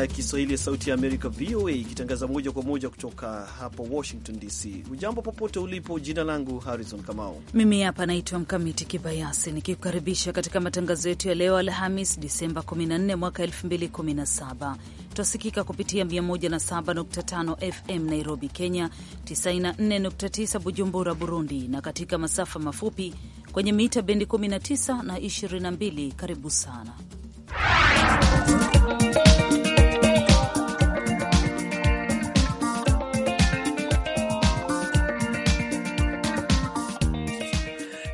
idhaa ya Kiswahili ya Sauti ya Amerika, VOA, ikitangaza moja kwa moja kutoka hapa Washington DC. Ujambo popote ulipo, jina langu Harrison Kamau. Mimi hapa naitwa Mkamiti Kibayasi, nikikukaribisha katika matangazo yetu ya leo Alhamis Disemba 14 mwaka 2017. Twasikika kupitia 107.5 FM Nairobi, Kenya, 94.9 Bujumbura, Burundi, na katika masafa mafupi kwenye mita bendi 19 na 22. Karibu sana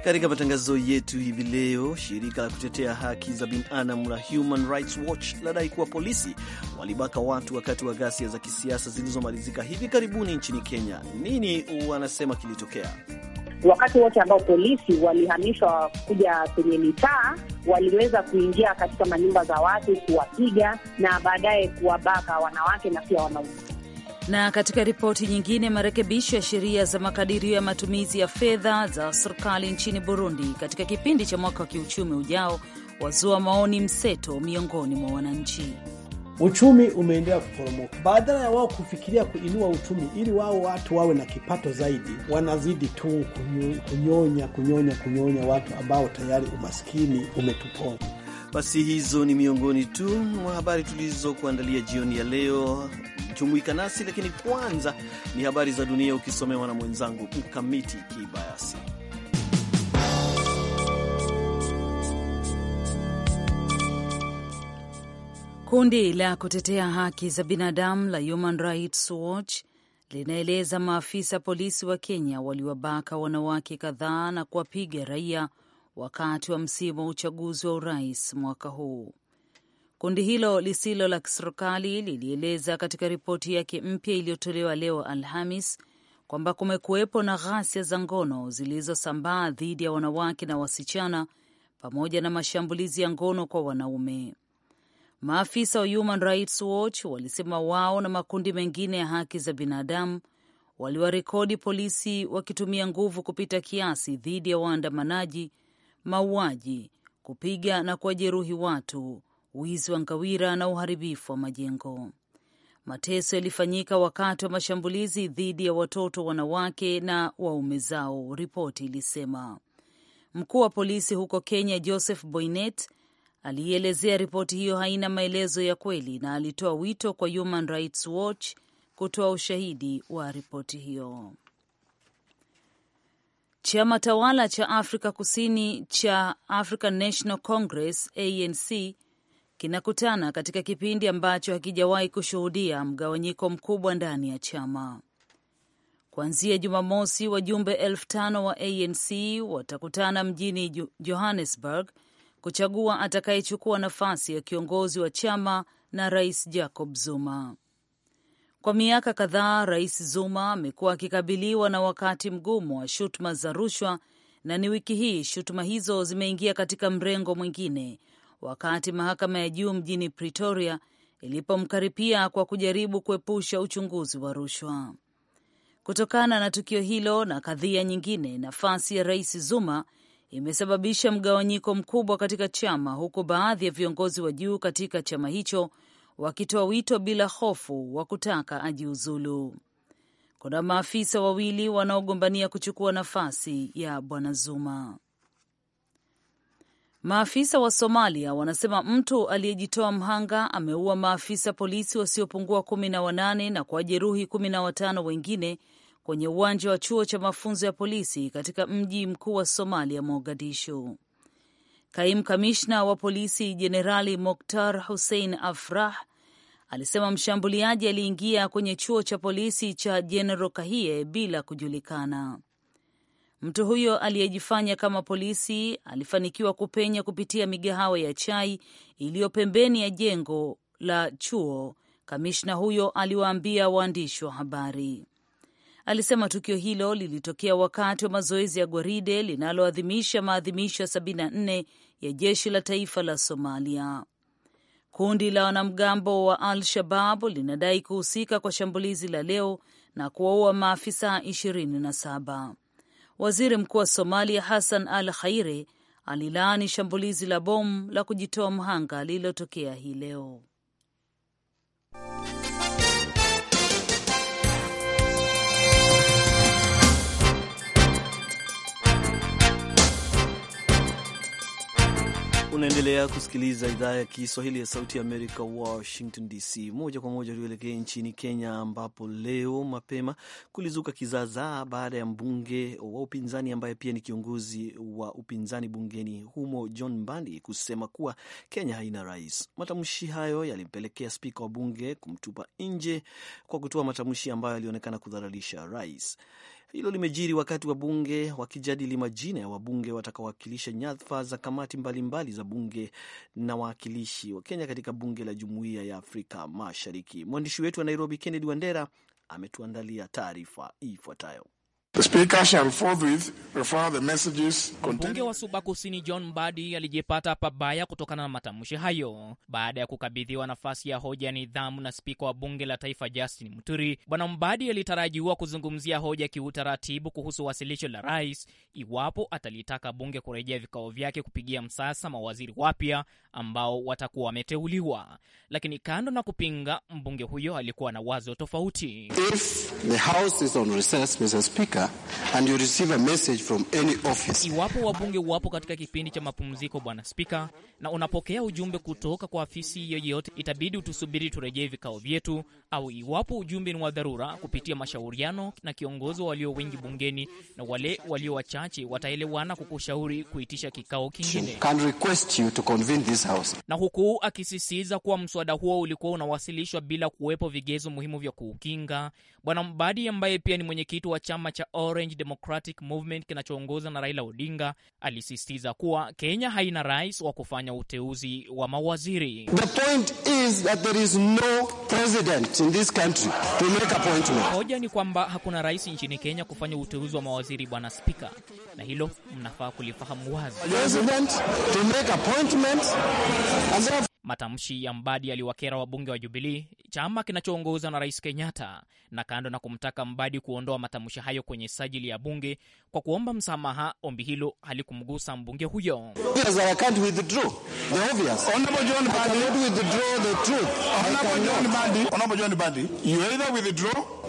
Katika matangazo yetu hivi leo, shirika la kutetea haki za binadamu la Human Rights Watch ladai kuwa polisi walibaka watu wakati wa ghasia za kisiasa zilizomalizika hivi karibuni nchini Kenya. Nini wanasema kilitokea? Wakati wote ambao polisi walihamishwa kuja kwenye mitaa, waliweza kuingia katika manyumba za watu kuwapiga na baadaye kuwabaka wanawake na pia wanaume. Na katika ripoti nyingine, marekebisho ya sheria za makadirio ya matumizi ya fedha za serikali nchini Burundi katika kipindi cha mwaka wa kiuchumi ujao wazua maoni mseto miongoni mwa wananchi. Uchumi umeendelea kuporomoka. Badala ya wao kufikiria kuinua uchumi ili wao watu wawe na kipato zaidi, wanazidi tu kunyonya kunyonya kunyonya watu ambao tayari umaskini umetupona. Basi hizo ni miongoni tu mwa habari tulizokuandalia jioni ya leo. Jumuika nasi lakini kwanza ni habari za dunia ukisomewa na mwenzangu Mkamiti Kibayasi. Kundi la kutetea haki za binadamu la Human Rights Watch linaeleza maafisa polisi wa Kenya waliwabaka wanawake kadhaa na kuwapiga raia wakati wa msimu wa uchaguzi wa urais mwaka huu. Kundi hilo lisilo la kiserikali lilieleza katika ripoti yake mpya iliyotolewa leo Alhamis kwamba kumekuwepo na ghasia za ngono zilizosambaa dhidi ya wanawake na wasichana pamoja na mashambulizi ya ngono kwa wanaume. Maafisa wa Human Rights Watch walisema wao na makundi mengine ya haki za binadamu waliwarekodi polisi wakitumia nguvu kupita kiasi dhidi ya waandamanaji mauaji, kupiga na kuwajeruhi watu, wizi wa ngawira na uharibifu wa majengo. Mateso yalifanyika wakati wa mashambulizi dhidi ya watoto, wanawake na waume zao, ripoti ilisema. Mkuu wa polisi huko Kenya Joseph boynet aliielezea ripoti hiyo haina maelezo ya kweli na alitoa wito kwa Human Rights Watch kutoa ushahidi wa ripoti hiyo. Chama tawala cha Afrika Kusini cha African National Congress ANC kinakutana katika kipindi ambacho hakijawahi kushuhudia mgawanyiko mkubwa ndani ya chama. Kuanzia Jumamosi, wajumbe elfu tano wa ANC watakutana mjini Johannesburg kuchagua atakayechukua nafasi ya kiongozi wa chama na Rais Jacob Zuma. Kwa miaka kadhaa, Rais Zuma amekuwa akikabiliwa na wakati mgumu wa shutuma za rushwa, na ni wiki hii shutuma hizo zimeingia katika mrengo mwingine, wakati mahakama ya juu mjini Pretoria ilipomkaripia kwa kujaribu kuepusha uchunguzi wa rushwa. Kutokana na tukio hilo na kadhia nyingine, nafasi ya Rais Zuma imesababisha mgawanyiko mkubwa katika chama, huku baadhi ya viongozi wa juu katika chama hicho wakitoa wito bila hofu wa kutaka ajiuzulu. Kuna maafisa wawili wanaogombania kuchukua nafasi ya bwana Zuma. Maafisa wa Somalia wanasema mtu aliyejitoa mhanga ameua maafisa polisi wasiopungua kumi na wanane na kuwajeruhi kumi na watano wengine kwenye uwanja wa chuo cha mafunzo ya polisi katika mji mkuu wa Somalia, Mogadishu. Kaimu kamishna wa polisi Jenerali Moktar Hussein Afrah alisema mshambuliaji aliingia kwenye chuo cha polisi cha Jenero Kahie bila kujulikana. Mtu huyo aliyejifanya kama polisi alifanikiwa kupenya kupitia migahawa ya chai iliyo pembeni ya jengo la chuo, kamishna huyo aliwaambia waandishi wa habari. Alisema tukio hilo lilitokea wakati wa mazoezi ya gwaride linaloadhimisha maadhimisho ya ya jeshi la taifa la Somalia. Kundi la wanamgambo wa Al-Shabab linadai kuhusika kwa shambulizi la leo na kuwaua maafisa 27. Waziri Mkuu wa Somalia Hassan Al Khaire alilaani shambulizi la bomu la kujitoa mhanga lililotokea hii leo. Unaendelea kusikiliza idhaa ya Kiswahili ya Sauti ya Amerika, Washington DC. Moja kwa moja tuelekee nchini Kenya, ambapo leo mapema kulizuka kizazaa baada ya mbunge wa upinzani ambaye pia ni kiongozi wa upinzani bungeni humo John Mbandi kusema kuwa Kenya haina rais. Matamshi hayo yalimpelekea spika wa bunge kumtupa nje kwa kutoa matamshi ambayo yalionekana kudhararisha rais. Hilo limejiri wakati wa bunge wakijadili majina ya wabunge watakaowakilisha nyadhifa za kamati mbalimbali mbali za bunge na wawakilishi wa Kenya katika bunge la jumuiya ya Afrika Mashariki. Mwandishi wetu wa Nairobi, Kennedy Wandera, ametuandalia taarifa ifuatayo. Mbunge wa Suba Kusini John Mbadi alijipata pabaya kutokana na matamshi hayo baada ya kukabidhiwa nafasi ya hoja ya nidhamu na spika wa bunge la taifa Justin Muturi. Bwana Mbadi alitarajiwa kuzungumzia hoja kiutaratibu kuhusu wasilisho la rais iwapo atalitaka bunge kurejea vikao vyake kupigia msasa mawaziri wapya ambao watakuwa wameteuliwa, lakini kando na kupinga, mbunge huyo alikuwa na wazo tofauti. If the house is on recess, Mr. Speaker, and you receive a message from any office. Iwapo wabunge wapo katika kipindi cha mapumziko, Bwana Spika, na unapokea ujumbe kutoka kwa afisi yoyote, itabidi utusubiri turejee vikao vyetu, au iwapo ujumbe ni wa dharura, kupitia mashauriano na kiongozi wa walio wengi bungeni na wale walio wachache wataelewana kukushauri kuitisha kikao kingine. Can request you to convene this house. Na huku akisisitiza kuwa mswada huo ulikuwa unawasilishwa bila kuwepo vigezo muhimu vya kuukinga, Bwana Mbadi ambaye pia ni mwenyekiti wa chama cha Orange Democratic Movement kinachoongozwa na Raila Odinga alisisitiza kuwa Kenya haina rais wa kufanya uteuzi wa mawaziri. The point is that there is no president in this country to make appointment. Hoja ni kwamba hakuna rais nchini Kenya kufanya uteuzi wa mawaziri, Bwana Spika, na hilo mnafaa kulifahamu wazi. Matamshi ya Mbadi yaliwakera wabunge wa Jubilii, chama kinachoongozwa na Rais Kenyatta, na kando na kumtaka Mbadi kuondoa matamshi hayo kwenye sajili ya bunge kwa kuomba msamaha, ombi hilo halikumgusa mbunge huyo. Yes,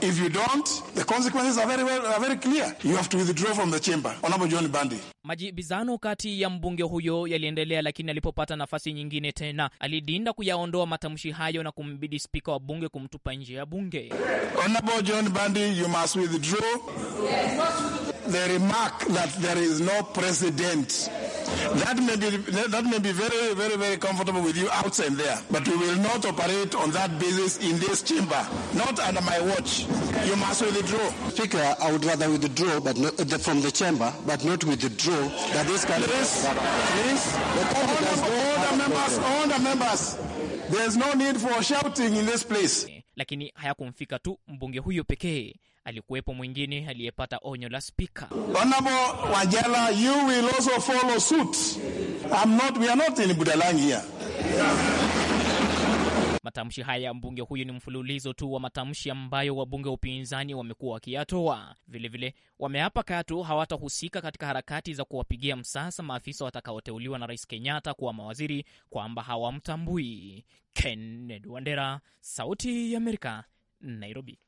If you don't, the consequences are very, well, are very clear. You have to withdraw from the chamber. Honorable John Bandi. Majibizano kati ya mbunge huyo yaliendelea, lakini alipopata nafasi nyingine tena alidinda kuyaondoa matamshi hayo na kumbidi spika wa bunge kumtupa nje ya bunge. Honorable John Bandi, you must withdraw. Yes. The remark that there is no president That may be, that may be very, very, very comfortable with you outside there, but we will not operate on that basis in this chamber, not under my watch. You must withdraw. Speaker, I would rather withdraw but not, uh, from the chamber, but not withdraw that this can... Please, please, all the members, all the members, there's no need for shouting in this place. Lakini hayakumfika tu mbunge huyo pekee alikuwepo mwingine aliyepata onyo la spika Wajala, you will also follow suit. I'm not, we are not in Budalangi here. Matamshi haya ya mbunge huyu ni mfululizo tu wa matamshi ambayo wabunge wa upinzani wamekuwa wakiyatoa. Vilevile wameapa katu hawatahusika katika harakati za kuwapigia msasa maafisa watakaoteuliwa na Rais Kenyatta kuwa mawaziri kwamba hawamtambui. Kennedy Wandera, Sauti ya Amerika, Nairobi.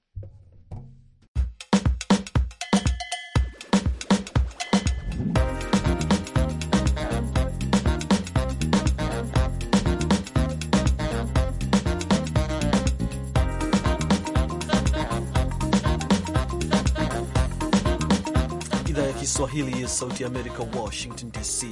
Kiswahili ya Sauti ya Amerika, Washington DC.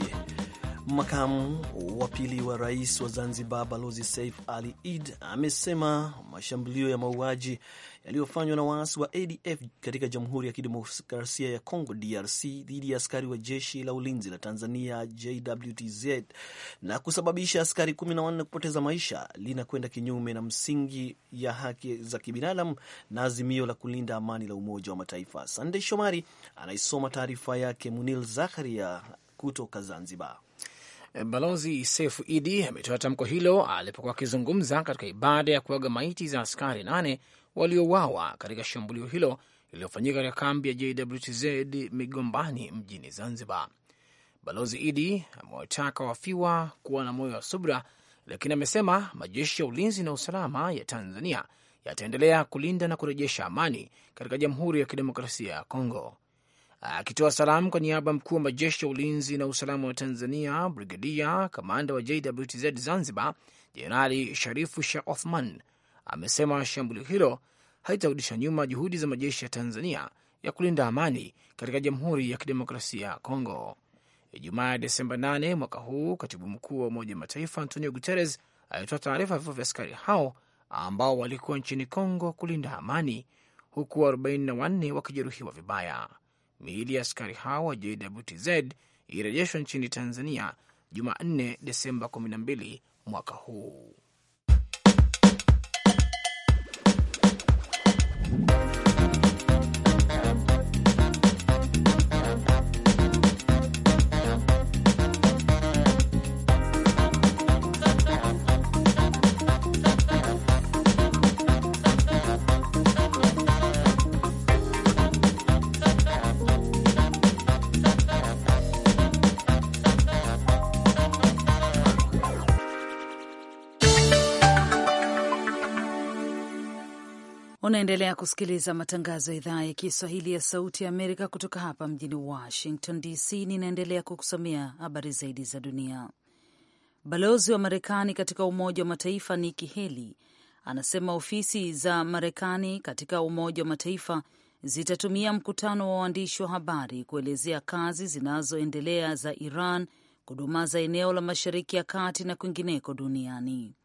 Makamu wa pili wa rais wa Zanzibar Balozi Saif Ali Id amesema mashambulio ya mauaji yaliyofanywa na waasi wa ADF katika Jamhuri ya Kidemokrasia ya Kongo DRC dhidi ya askari wa jeshi la ulinzi la Tanzania JWTZ na kusababisha askari na wanne kupoteza maisha linakwenda kinyume na msingi ya haki za kibinadamu na azimio la kulinda amani la Umoja wa Mataifa. Sandey Shomari anaisoma taarifa yake Munil zakharia kutoka Zanzibar. Balozi Sefu Idi ametoa tamko hilo alipokuwa akizungumza katika ibada ya kuaga maiti za askari nane waliowawa katika shambulio hilo lililofanyika katika kambi ya JWTZ Migombani mjini Zanzibar. Balozi Idi amewataka wafiwa kuwa na moyo wa subra, lakini amesema majeshi ya ulinzi na usalama ya Tanzania yataendelea kulinda na kurejesha amani katika Jamhuri ya Kidemokrasia ya Kongo. Akitoa salamu kwa niaba ya mkuu wa majeshi ya ulinzi na usalama wa Tanzania, Brigadia kamanda wa JWTZ Zanzibar, Jenerali Sharifu Sheh Othman amesema shambulio hilo haitarudisha nyuma juhudi za majeshi ya Tanzania ya kulinda amani katika Jamhuri ya Kidemokrasia ya Kongo. Ijumaa ya Desemba 8 mwaka huu, katibu mkuu wa Umoja wa Mataifa Antonio Guterres alitoa taarifa ya vifo vya askari hao ambao walikuwa nchini Kongo kulinda amani, huku 44 wakijeruhiwa vibaya miili ya askari hao wa JWTZ ilirejeshwa nchini Tanzania Jumanne, Desemba 12 mwaka huu. Unaendelea kusikiliza matangazo ya idhaa ya Kiswahili ya Sauti ya Amerika kutoka hapa mjini Washington DC. Ninaendelea kukusomea habari zaidi za dunia. Balozi wa Marekani katika Umoja wa Mataifa Nikki Haley anasema ofisi za Marekani katika Umoja wa Mataifa zitatumia mkutano wa waandishi wa habari kuelezea kazi zinazoendelea za Iran kudumaza eneo la Mashariki ya Kati na kwingineko duniani.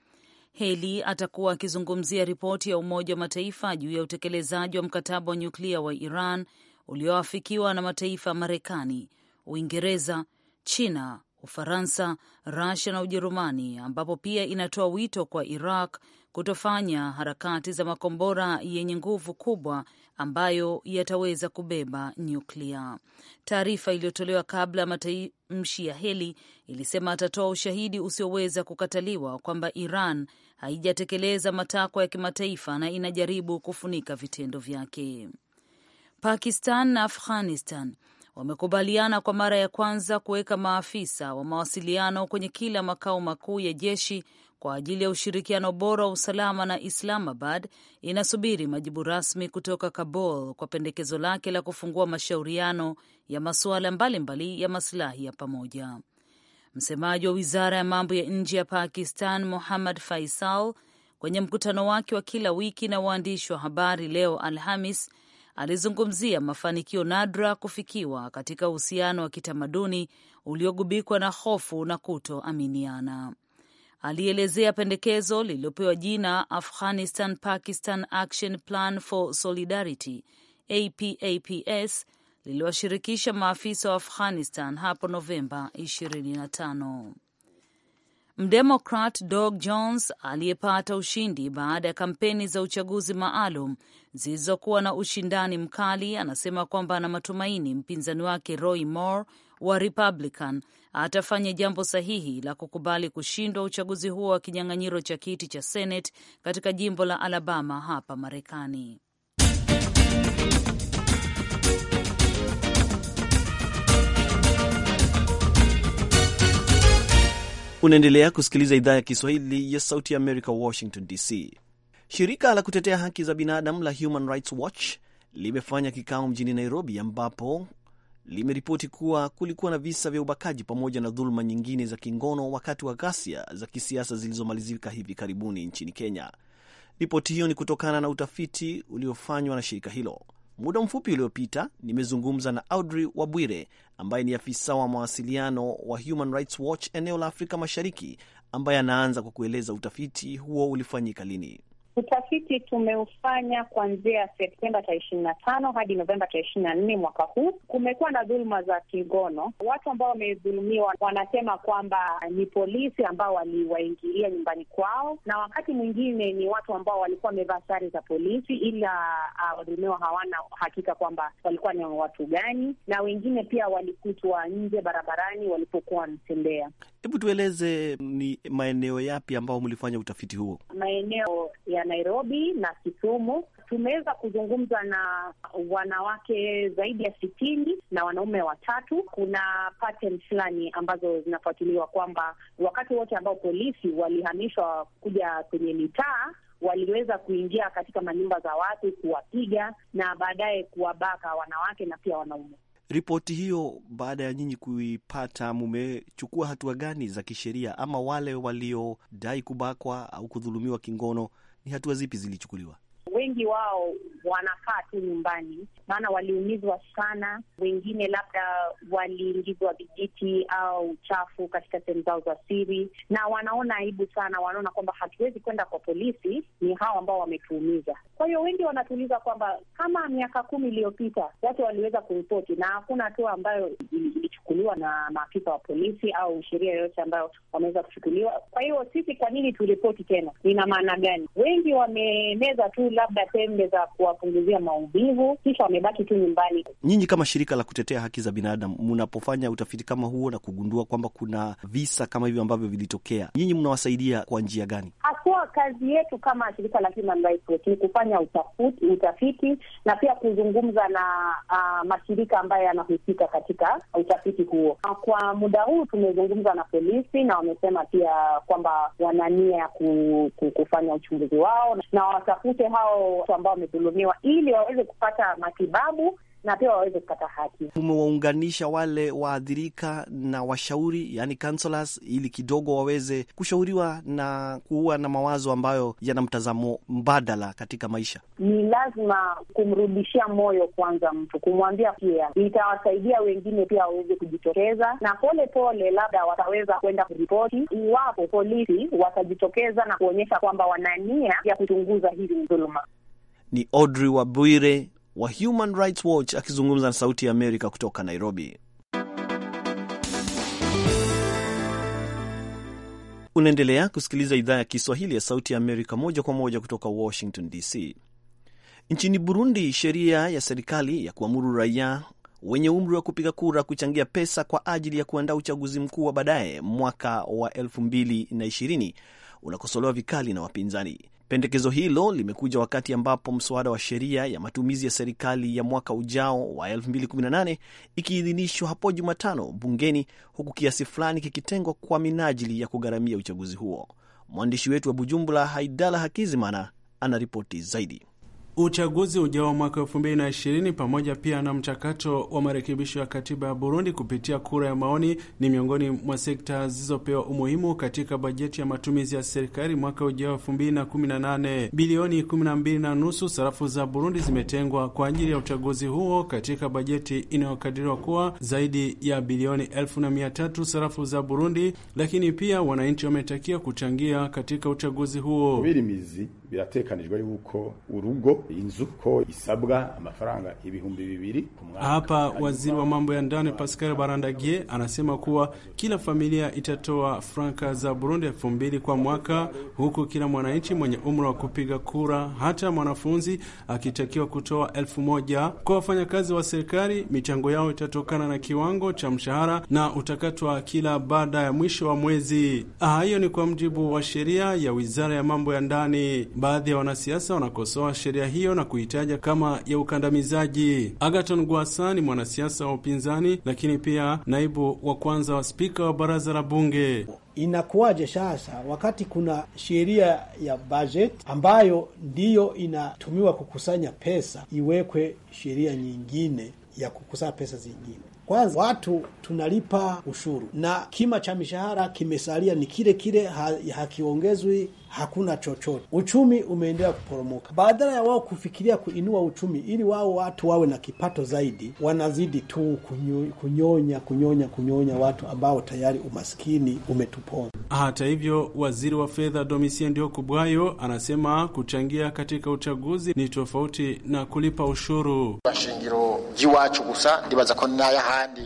Heli atakuwa akizungumzia ripoti ya Umoja wa Mataifa juu ya utekelezaji wa mkataba wa nyuklia wa Iran ulioafikiwa na mataifa ya Marekani, Uingereza, China, Ufaransa, Rusia na Ujerumani, ambapo pia inatoa wito kwa Iraq kutofanya harakati za makombora yenye nguvu kubwa ambayo yataweza kubeba nyuklia. Taarifa iliyotolewa kabla ya matamshi ya Heli ilisema atatoa ushahidi usioweza kukataliwa kwamba Iran haijatekeleza matakwa ya kimataifa na inajaribu kufunika vitendo vyake. Pakistan na Afghanistan wamekubaliana kwa mara ya kwanza kuweka maafisa wa mawasiliano kwenye kila makao makuu ya jeshi kwa ajili ya ushirikiano bora wa usalama, na Islamabad inasubiri majibu rasmi kutoka Kabul kwa pendekezo lake la kufungua mashauriano ya masuala mbalimbali ya masilahi ya pamoja. Msemaji wa wizara ya mambo ya nje ya Pakistan Muhammad Faisal kwenye mkutano wake wa kila wiki na waandishi wa habari leo Alhamis alizungumzia mafanikio nadra kufikiwa katika uhusiano wa kitamaduni uliogubikwa na hofu na kutoaminiana. Alielezea pendekezo lililopewa jina Afghanistan Pakistan Action Plan for Solidarity APAPS liliwashirikisha maafisa wa Afghanistan hapo Novemba 25. Mdemokrat Doug Jones aliyepata ushindi baada ya kampeni za uchaguzi maalum zilizokuwa na ushindani mkali anasema kwamba ana matumaini mpinzani wake Roy Moore wa Republican atafanya jambo sahihi la kukubali kushindwa uchaguzi huo wa kinyang'anyiro cha kiti cha Senate katika jimbo la Alabama hapa Marekani. Unaendelea kusikiliza idhaa ya Kiswahili ya Sauti ya Amerika, Washington DC. Shirika la kutetea haki za binadamu la Human Rights Watch limefanya kikao mjini Nairobi, ambapo limeripoti kuwa kulikuwa na visa vya ubakaji pamoja na dhuluma nyingine za kingono wakati wa ghasia za kisiasa zilizomalizika hivi karibuni nchini Kenya. Ripoti hiyo ni kutokana na utafiti uliofanywa na shirika hilo. Muda mfupi uliopita nimezungumza na Audrey Wabwire ambaye ni afisa wa mawasiliano wa Human Rights Watch eneo la Afrika Mashariki, ambaye anaanza kwa kueleza utafiti huo ulifanyika lini. Utafiti tumeufanya kuanzia Septemba tarehe ishirini na tano hadi Novemba tarehe ishirini na nne mwaka huu. Kumekuwa na dhuluma za kingono. Watu ambao wamedhulumiwa wanasema kwamba ni polisi ambao waliwaingilia nyumbani kwao, na wakati mwingine ni watu ambao walikuwa wamevaa sare za polisi, ila uh, ah, wadhulumiwa hawana hakika kwamba walikuwa ni watu gani, na wengine pia walikutwa nje barabarani walipokuwa wanatembea. Hebu tueleze ni maeneo yapi ambayo mlifanya utafiti huo? Maeneo ya Nairobi na Kisumu. Tumeweza kuzungumza na wanawake zaidi ya sitini na wanaume watatu. Kuna pattern fulani ambazo zinafuatiliwa kwamba wakati wote ambao polisi walihamishwa kuja kwenye mitaa waliweza kuingia katika manyumba za watu kuwapiga na baadaye kuwabaka wanawake na pia wanaume. Ripoti hiyo baada ya nyinyi kuipata, mumechukua hatua gani za kisheria? Ama wale waliodai kubakwa au kudhulumiwa kingono, ni hatua zipi zilichukuliwa? wengi wao wanakaa tu nyumbani, maana waliumizwa sana. Wengine labda waliingizwa vijiti au chafu katika sehemu zao za siri, na wanaona aibu sana, wanaona kwamba hatuwezi kwenda kwa polisi, ni hao ambao wametuumiza. Kwa hiyo wengi wanatuuliza kwamba kama miaka kumi iliyopita watu waliweza kuripoti na hakuna hatua ambayo ilichukuliwa na maafisa wa polisi au sheria yoyote ambayo wameweza kuchukuliwa. Kwa hiyo sisi, kwa nini turipoti tena? Ina maana gani? Wengi wamemeza tu labda labda tembe za kuwapunguzia maumivu, kisha wamebaki tu nyumbani. Nyinyi kama shirika la kutetea haki za binadamu, mnapofanya utafiti kama huo na kugundua kwamba kuna visa kama hivyo ambavyo vilitokea, nyinyi mnawasaidia kwa njia gani? Hakuwa kazi yetu kama shirika la Human Rights Watch ni kufanya utafiti, utafiti na pia kuzungumza na uh, mashirika ambayo yanahusika katika utafiti huo. Ah, kwa muda huu tumezungumza na polisi na wamesema pia kwamba wana nia ya ku, ku, kufanya uchunguzi wao na watafute hao hao ambao wamedhulumiwa ili waweze kupata matibabu na pia waweze kupata haki. Umewaunganisha wale waathirika na washauri, yani counselors, ili kidogo waweze kushauriwa na kuwa na mawazo ambayo yana mtazamo mbadala katika maisha. Ni lazima kumrudishia moyo kwanza mtu, kumwambia pia itawasaidia wengine pia waweze kujitokeza, na pole pole labda wataweza kwenda kuripoti iwapo polisi watajitokeza na kuonyesha kwamba wana nia ya kuchunguza hili dhuluma. Ni Audrey Wabwire wa Human Rights Watch akizungumza na Sauti ya Amerika kutoka Nairobi. Unaendelea kusikiliza idhaa ya Kiswahili ya Sauti ya Amerika moja kwa moja kutoka Washington DC. Nchini Burundi, sheria ya serikali ya kuamuru raia wenye umri wa kupiga kura kuchangia pesa kwa ajili ya kuandaa uchaguzi mkuu wa baadaye mwaka wa 2020 unakosolewa vikali na wapinzani. Pendekezo hilo limekuja wakati ambapo mswada wa sheria ya matumizi ya serikali ya mwaka ujao wa 2018 ikiidhinishwa hapo Jumatano bungeni, huku kiasi fulani kikitengwa kwa minajili ya kugharamia uchaguzi huo. Mwandishi wetu wa Bujumbula, Haidala Hakizimana, anaripoti zaidi uchaguzi ujao mwaka ishirini pamoja pia na mchakato wa marekebisho ya katiba ya Burundi kupitia kura ya maoni ni miongoni mwa sekta zilizopewa umuhimu katika bajeti ya matumizi ya serikali mwaka ujao nane. Bilioni 12 na nusu sarafu za Burundi zimetengwa kwa ajili ya uchaguzi huo katika bajeti inayokadiriwa kuwa zaidi ya bilioni tatu sarafu za Burundi, lakini pia wananchi wametakia kuchangia katika uchaguzi huo biratekanijwe yuko urugo inzu ko isabwa amafaranga ibihumbi bibiri Hapa waziri wa mambo ya ndani Pascal Barandagie anasema kuwa kila familia itatoa franka za Burundi elfu mbili kwa mwaka, huku kila mwananchi mwenye umri wa kupiga kura, hata mwanafunzi akitakiwa kutoa elfu moja. Kwa wafanyakazi wa serikali, michango yao itatokana na kiwango cha mshahara na utakatwa kila baada ya mwisho wa mwezi. Hayo ah, ni kwa mjibu wa sheria ya wizara ya mambo ya ndani. Baadhi ya wanasiasa wanakosoa sheria hiyo na kuitaja kama ya ukandamizaji. Agaton Gwasa ni mwanasiasa wa upinzani, lakini pia naibu wa kwanza wa spika wa baraza la bunge. Inakuwaje sasa wakati kuna sheria ya budget ambayo ndiyo inatumiwa kukusanya pesa, iwekwe sheria nyingine ya kukusanya pesa zingine? Kwanza watu tunalipa ushuru na kima cha mishahara kimesalia ni kile kile, hakiongezwi hakuna chochote, uchumi umeendelea kuporomoka. Badala ya wao kufikiria kuinua uchumi ili wao watu wawe na kipato zaidi, wanazidi tu kunyo, kunyonya kunyonya kunyonya watu ambao tayari umaskini umetupona. Hata hivyo, waziri wa fedha Domitien kubwayo anasema kuchangia katika uchaguzi ni tofauti na kulipa ushuru.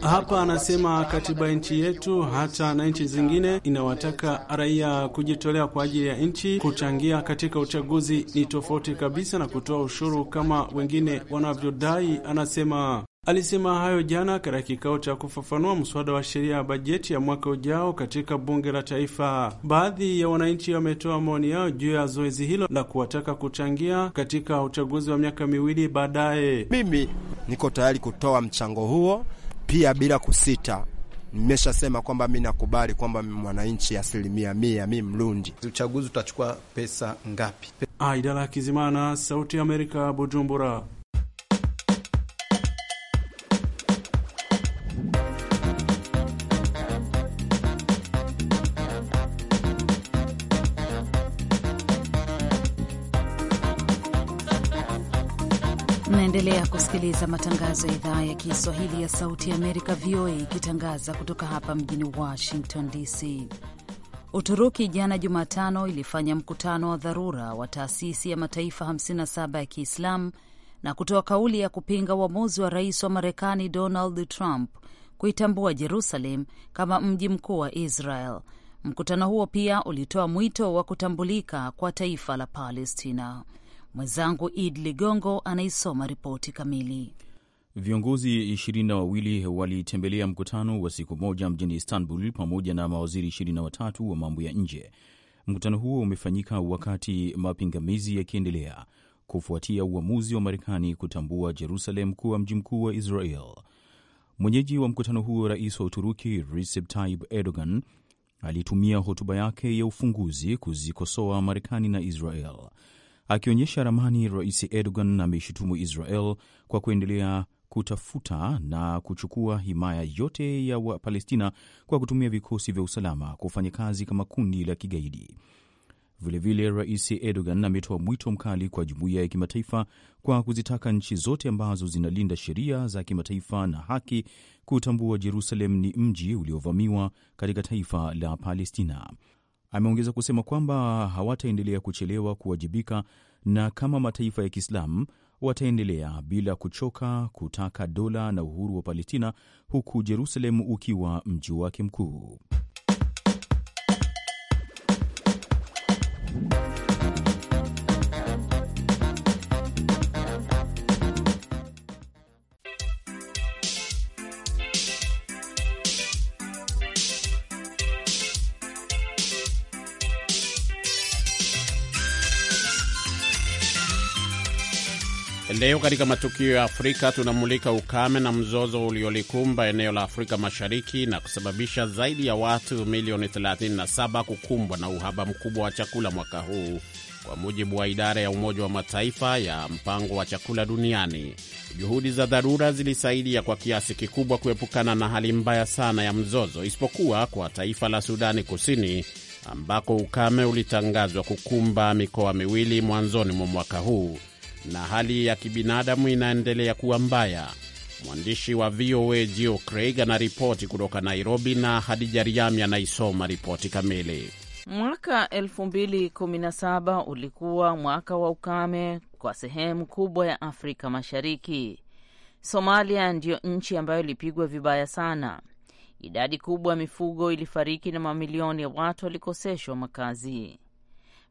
Hapa anasema katiba nchi yetu hata na nchi zingine inawataka raia kujitolea kwa ajili ya wananchi kuchangia katika uchaguzi ni tofauti kabisa na kutoa ushuru kama wengine wanavyodai, anasema. Alisema hayo jana katika kikao cha kufafanua mswada wa sheria ya bajeti ya mwaka ujao katika bunge la taifa. Baadhi ya wananchi wametoa maoni yao juu ya zoezi hilo la kuwataka kuchangia katika uchaguzi wa miaka miwili baadaye. Mimi niko tayari kutoa mchango huo pia bila kusita nimeshasema kwamba mi nakubali kwamba mwananchi asilimia mia, mi Mrundi. Uchaguzi utachukua pesa ngapi? Aidala ah, Kizimana, Sauti ya Amerika, Bujumbura. Unaendelea kusikiliza matangazo ya idhaa ya Kiswahili ya Sauti ya Amerika, VOA, ikitangaza kutoka hapa mjini Washington DC. Uturuki jana Jumatano ilifanya mkutano wa dharura wa taasisi ya mataifa 57 ya Kiislamu na kutoa kauli ya kupinga uamuzi wa rais wa Marekani Donald Trump kuitambua Jerusalem kama mji mkuu wa Israel. Mkutano huo pia ulitoa mwito wa kutambulika kwa taifa la Palestina. Mwenzangu Id Ligongo anaisoma ripoti kamili. Viongozi ishirini na wawili walitembelea mkutano wa siku moja mjini Istanbul pamoja na mawaziri ishirini na watatu wa mambo ya nje. Mkutano huo umefanyika wakati mapingamizi yakiendelea kufuatia uamuzi wa Marekani kutambua Jerusalem kuwa mji mkuu wa Israel. Mwenyeji wa mkutano huo, rais wa Uturuki Recep Tayyip Erdogan alitumia hotuba yake ya ufunguzi kuzikosoa Marekani na Israel. Akionyesha ramani, Rais Erdogan ameishutumu Israel kwa kuendelea kutafuta na kuchukua himaya yote ya Wapalestina kwa kutumia vikosi vya usalama kufanya kazi kama kundi la kigaidi. Vilevile, Rais Erdogan ametoa mwito mkali kwa jumuiya ya kimataifa kwa kuzitaka nchi zote ambazo zinalinda sheria za kimataifa na haki kutambua Jerusalem ni mji uliovamiwa katika taifa la Palestina. Ameongeza kusema kwamba hawataendelea kuchelewa kuwajibika na kama mataifa ya Kiislamu wataendelea bila kuchoka kutaka dola na uhuru wa Palestina, huku jerusalemu ukiwa mji wake mkuu. Leo katika matukio ya Afrika tunamulika ukame na mzozo uliolikumba eneo la Afrika Mashariki na kusababisha zaidi ya watu milioni 37 kukumbwa na uhaba mkubwa wa chakula mwaka huu kwa mujibu wa idara ya Umoja wa Mataifa ya mpango wa chakula duniani. Juhudi za dharura zilisaidia kwa kiasi kikubwa kuepukana na hali mbaya sana ya mzozo, isipokuwa kwa taifa la Sudani Kusini ambako ukame ulitangazwa kukumba mikoa miwili mwanzoni mwa mwaka huu na hali ya kibinadamu inaendelea kuwa mbaya. Mwandishi wa VOA jo Craig anaripoti kutoka Nairobi na Hadija Riami anaisoma ripoti kamili. Mwaka 2017 ulikuwa mwaka wa ukame kwa sehemu kubwa ya Afrika Mashariki. Somalia ndiyo nchi ambayo ilipigwa vibaya sana. Idadi kubwa ya mifugo ilifariki na mamilioni ya watu walikoseshwa makazi.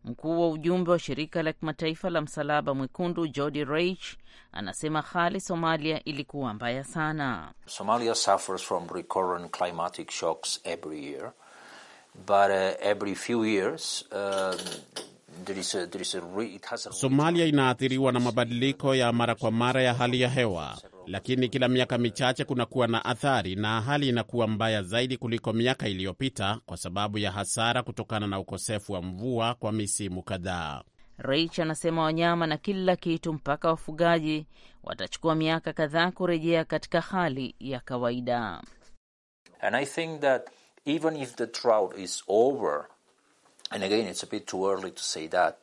Mkuu wa ujumbe wa shirika la kimataifa la msalaba mwekundu Jody Reich anasema hali Somalia ilikuwa mbaya sana. Somalia suffers from recurrent climatic shocks every year but uh, every few years um, there is a, there is a, Somalia inaathiriwa na mabadiliko ya mara kwa mara ya hali ya hewa lakini kila miaka michache kunakuwa na athari na hali inakuwa mbaya zaidi kuliko miaka iliyopita kwa sababu ya hasara kutokana na ukosefu wa mvua kwa misimu kadhaa. rich anasema wanyama na kila kitu mpaka wafugaji watachukua miaka kadhaa kurejea katika hali ya kawaida. And I think that even if the drought is over, and again it's a bit too early to say that,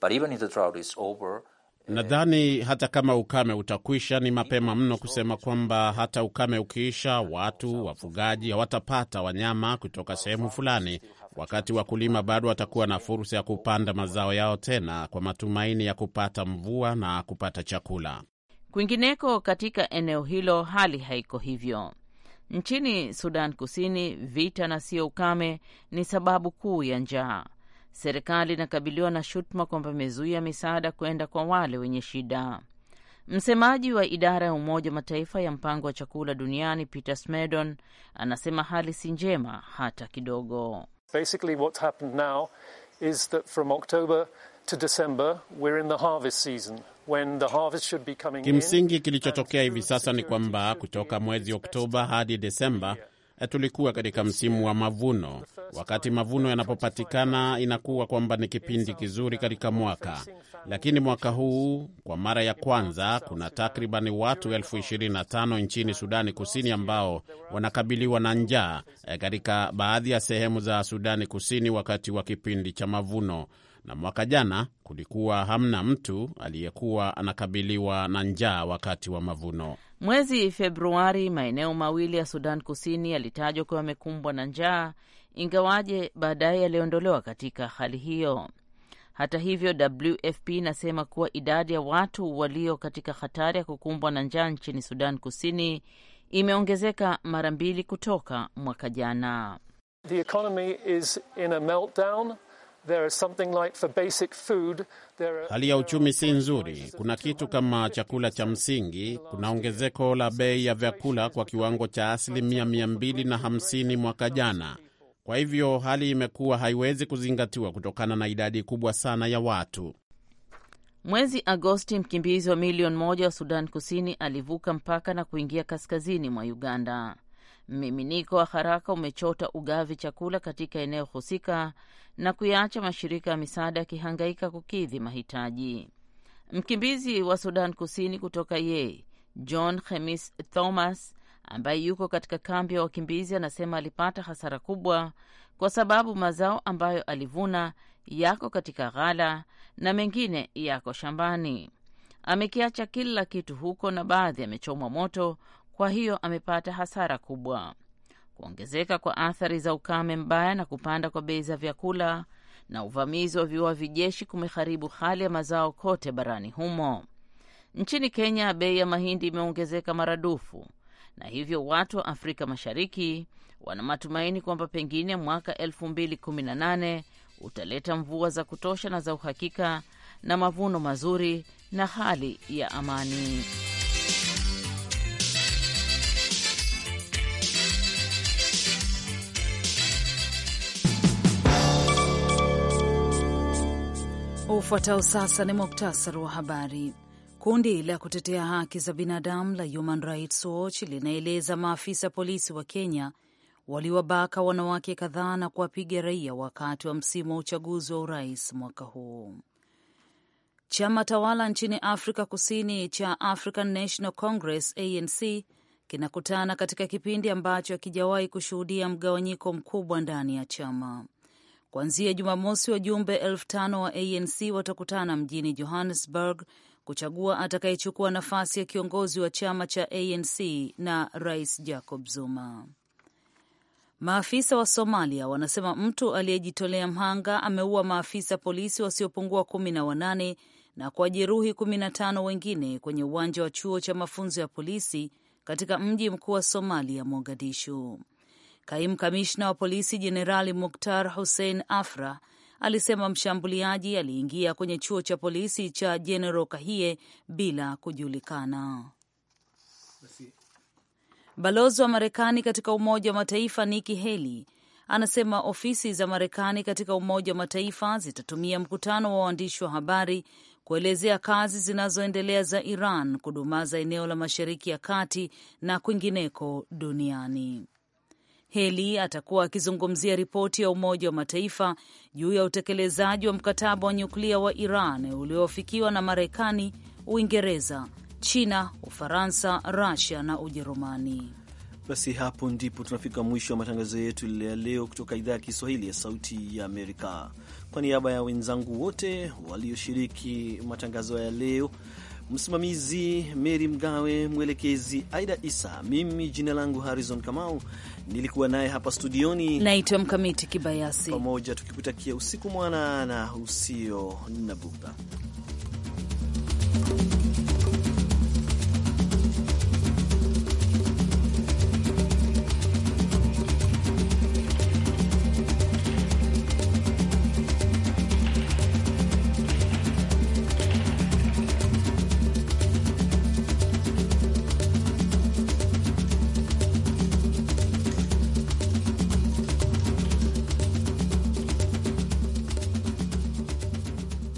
but even if the drought is over Nadhani hata kama ukame utakwisha, ni mapema mno kusema kwamba hata ukame ukiisha, watu wafugaji hawatapata wanyama kutoka sehemu fulani, wakati wakulima bado watakuwa na fursa ya kupanda mazao yao tena kwa matumaini ya kupata mvua na kupata chakula. Kwingineko katika eneo hilo hali haiko hivyo. Nchini Sudan Kusini, vita na sio ukame ni sababu kuu ya njaa. Serikali inakabiliwa na shutuma kwamba imezuia misaada kwenda kwa wale wenye shida. Msemaji wa idara ya Umoja Mataifa ya mpango wa chakula duniani Peter Smedon anasema hali si njema hata kidogo. Kimsingi, kilichotokea hivi sasa ni kwamba kutoka mwezi Oktoba hadi Desemba tulikuwa katika msimu wa mavuno. Wakati mavuno yanapopatikana, inakuwa kwamba ni kipindi kizuri katika mwaka, lakini mwaka huu kwa mara ya kwanza kuna takriban watu elfu nchini Sudani Kusini ambao wanakabiliwa na njaa eh, katika baadhi ya sehemu za Sudani Kusini wakati wa kipindi cha mavuno na mwaka jana kulikuwa hamna mtu aliyekuwa anakabiliwa na njaa wakati wa mavuno. Mwezi Februari, maeneo mawili ya Sudan Kusini yalitajwa kuwa yamekumbwa na njaa, ingawaje baadaye yaliondolewa katika hali hiyo. Hata hivyo, WFP inasema kuwa idadi ya watu walio katika hatari ya kukumbwa na njaa nchini Sudan Kusini imeongezeka mara mbili kutoka mwaka jana. The economy is in a meltdown. Hali ya uchumi si nzuri, kuna kitu kama chakula cha msingi. Kuna ongezeko la bei ya vyakula kwa kiwango cha asilimia 250 mwaka jana. Kwa hivyo hali imekuwa haiwezi kuzingatiwa kutokana na idadi kubwa sana ya watu. Mwezi Agosti, mkimbizi wa milioni moja wa Sudan Kusini alivuka mpaka na kuingia kaskazini mwa Uganda. Mmiminiko wa haraka umechota ugavi chakula katika eneo husika na kuyaacha mashirika ya misaada yakihangaika kukidhi mahitaji. Mkimbizi wa Sudan Kusini kutoka Ye, John Hemis Thomas, ambaye yuko katika kambi ya wakimbizi, anasema alipata hasara kubwa kwa sababu mazao ambayo alivuna yako katika ghala na mengine yako shambani. Amekiacha kila kitu huko na baadhi amechomwa moto, kwa hiyo amepata hasara kubwa kuongezeka kwa athari za ukame mbaya na kupanda kwa bei za vyakula na uvamizi wa viua vijeshi kumeharibu hali ya mazao kote barani humo. Nchini Kenya, bei ya mahindi imeongezeka maradufu, na hivyo watu wa Afrika Mashariki wana matumaini kwamba pengine mwaka 2018 utaleta mvua za kutosha na za uhakika na mavuno mazuri na hali ya amani. Ufuatao sasa ni muktasari wa habari. Kundi la kutetea haki za binadamu la Human Rights Watch linaeleza maafisa polisi wa Kenya waliwabaka wanawake kadhaa na kuwapiga raia wakati wa msimu wa uchaguzi wa urais mwaka huu. Chama tawala nchini Afrika Kusini cha African National Congress ANC kinakutana katika kipindi ambacho hakijawahi kushuhudia mgawanyiko mkubwa ndani ya chama. Kuanzia Jumamosi, wajumbe elfu tano wa ANC watakutana mjini Johannesburg kuchagua atakayechukua nafasi ya kiongozi wa chama cha ANC na Rais Jacob Zuma. Maafisa wa Somalia wanasema mtu aliyejitolea mhanga ameua maafisa polisi wasiopungua kumi na wanane na kuwajeruhi kumi na tano wengine kwenye uwanja wa chuo cha mafunzo ya polisi katika mji mkuu wa Somalia, Mogadishu. Kaimu kamishna wa polisi Jenerali Muktar Hussein Afra alisema mshambuliaji aliingia kwenye chuo cha polisi cha jenero Kahie bila kujulikana. Balozi wa Marekani katika Umoja wa Mataifa Nikki Haley anasema ofisi za Marekani katika Umoja wa Mataifa zitatumia mkutano wa waandishi wa habari kuelezea kazi zinazoendelea za Iran kudumaza eneo la Mashariki ya Kati na kwingineko duniani. Heli atakuwa akizungumzia ripoti ya Umoja wa Mataifa juu ya utekelezaji wa mkataba wa nyuklia wa Iran uliofikiwa na Marekani, Uingereza, China, Ufaransa, Rusia na Ujerumani. Basi hapo ndipo tunafika mwisho wa matangazo yetu ya leo kutoka idhaa ya Kiswahili ya Sauti ya Amerika. Kwa niaba ya wenzangu wote walioshiriki matangazo ya leo msimamizi Meri Mgawe, mwelekezi Aida Isa. Mimi jina langu Harrison Kamau, nilikuwa naye hapa studioni, naitwa Mkamiti Kibayasi. Pamoja tukikutakia usiku mwana na usio na bughudha.